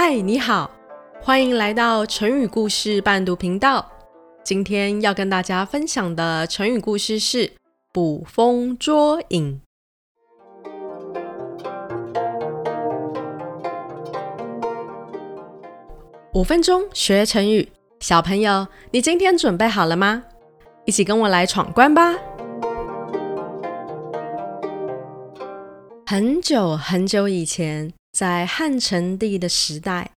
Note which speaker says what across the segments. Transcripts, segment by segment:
Speaker 1: 嗨，Hi, 你好，歡迎來到成語故事伴讀頻道。今天要跟大家分享的成語故事是“捕風捉影”。五分鐘學成語，小朋友，你今天準備好了嗎？一起跟我來闖關吧。很久很久以前。在漢成帝的時代，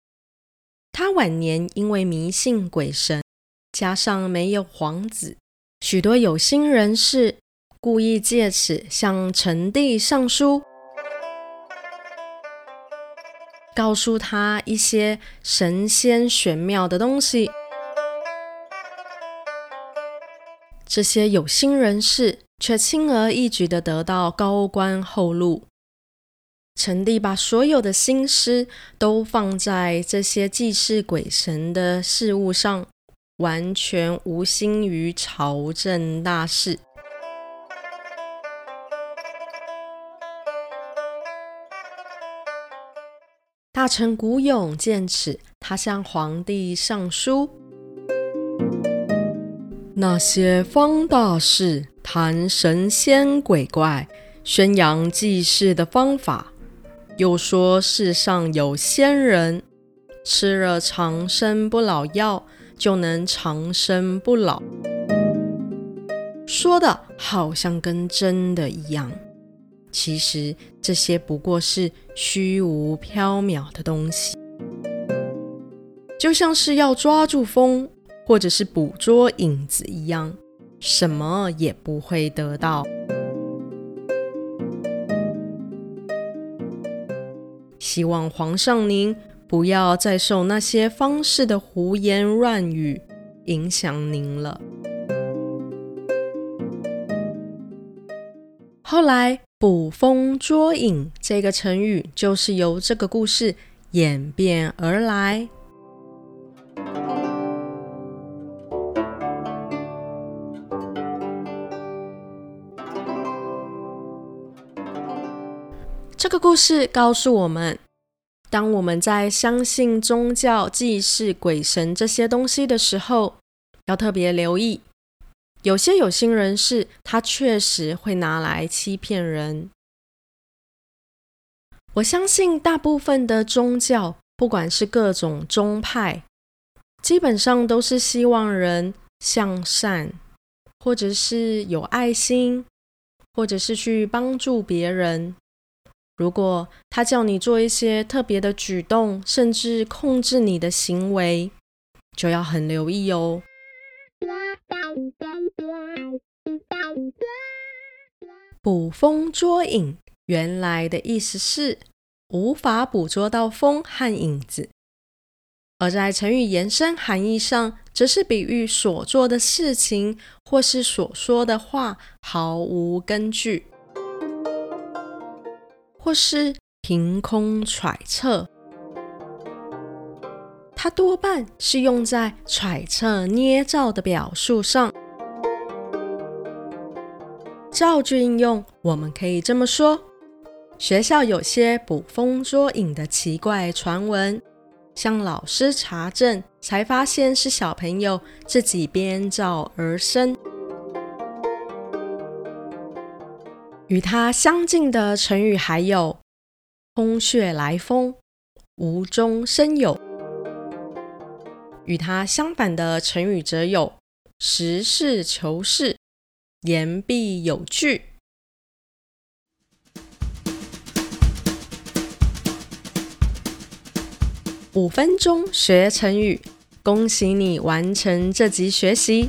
Speaker 1: 他晚年因為迷信鬼神，加上沒有皇子，許多有心人士故意借此向成帝上書，告訴他一些神仙玄妙的東西。這些有心人士卻輕而易舉的得到高官厚祿。成帝把所有的心思都放在這些祭祀鬼神的事物上，完全無心於朝政大事。大臣古勇見此，他向皇帝上書：那些方道士，談神仙鬼怪，宣揚祭祀的方法。又說世上有仙人，吃了長生不老藥就能長生不老，說的好像跟真的一樣。其實這些不過是虛無縹緲的東西，就像是要抓住風，或者是捕捉影子一樣，什麼也不會得到。希望皇上您不要再受那些方士的胡言亂語影響您了。後來“捕風捉影”這個成語就是由這個故事演變而來。這個故事告訴我們。當我們在相信宗教、祭祀鬼神這些東西的時候，要特別留意，有些有心人士，他確實會拿來欺騙人。我相信大部分的宗教，不管是各種宗派，基本上都是希望人向善，或者是有愛心，或者是去幫助別人。如果他叫你做一些特別的舉動，甚至控制你的行為，就要很留意哦。捕風捉影，原來的意思是無法捕捉到風和影子，而在成語延伸含義上，則是比喻所做的事情或是所說的話毫無根據。就是憑空揣測，它多半是用在揣測、捏造的表述上。造句應用，我們可以這麼說：學校有些捕風捉影的奇怪傳聞，向老師查證，才發現是小朋友自己編造而生。與它相近的成語還有“空穴來風”、“無中生有”。與它相反的成語則有“實事求是”、“言必有據”。五分鐘學成語，恭喜你完成這集學習。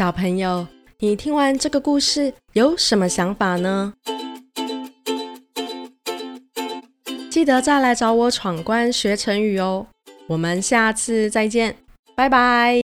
Speaker 1: 小朋友，你聽完這個故事有什麼想法呢？記得再來找我闖關學成語哦！我們下次再見，拜拜。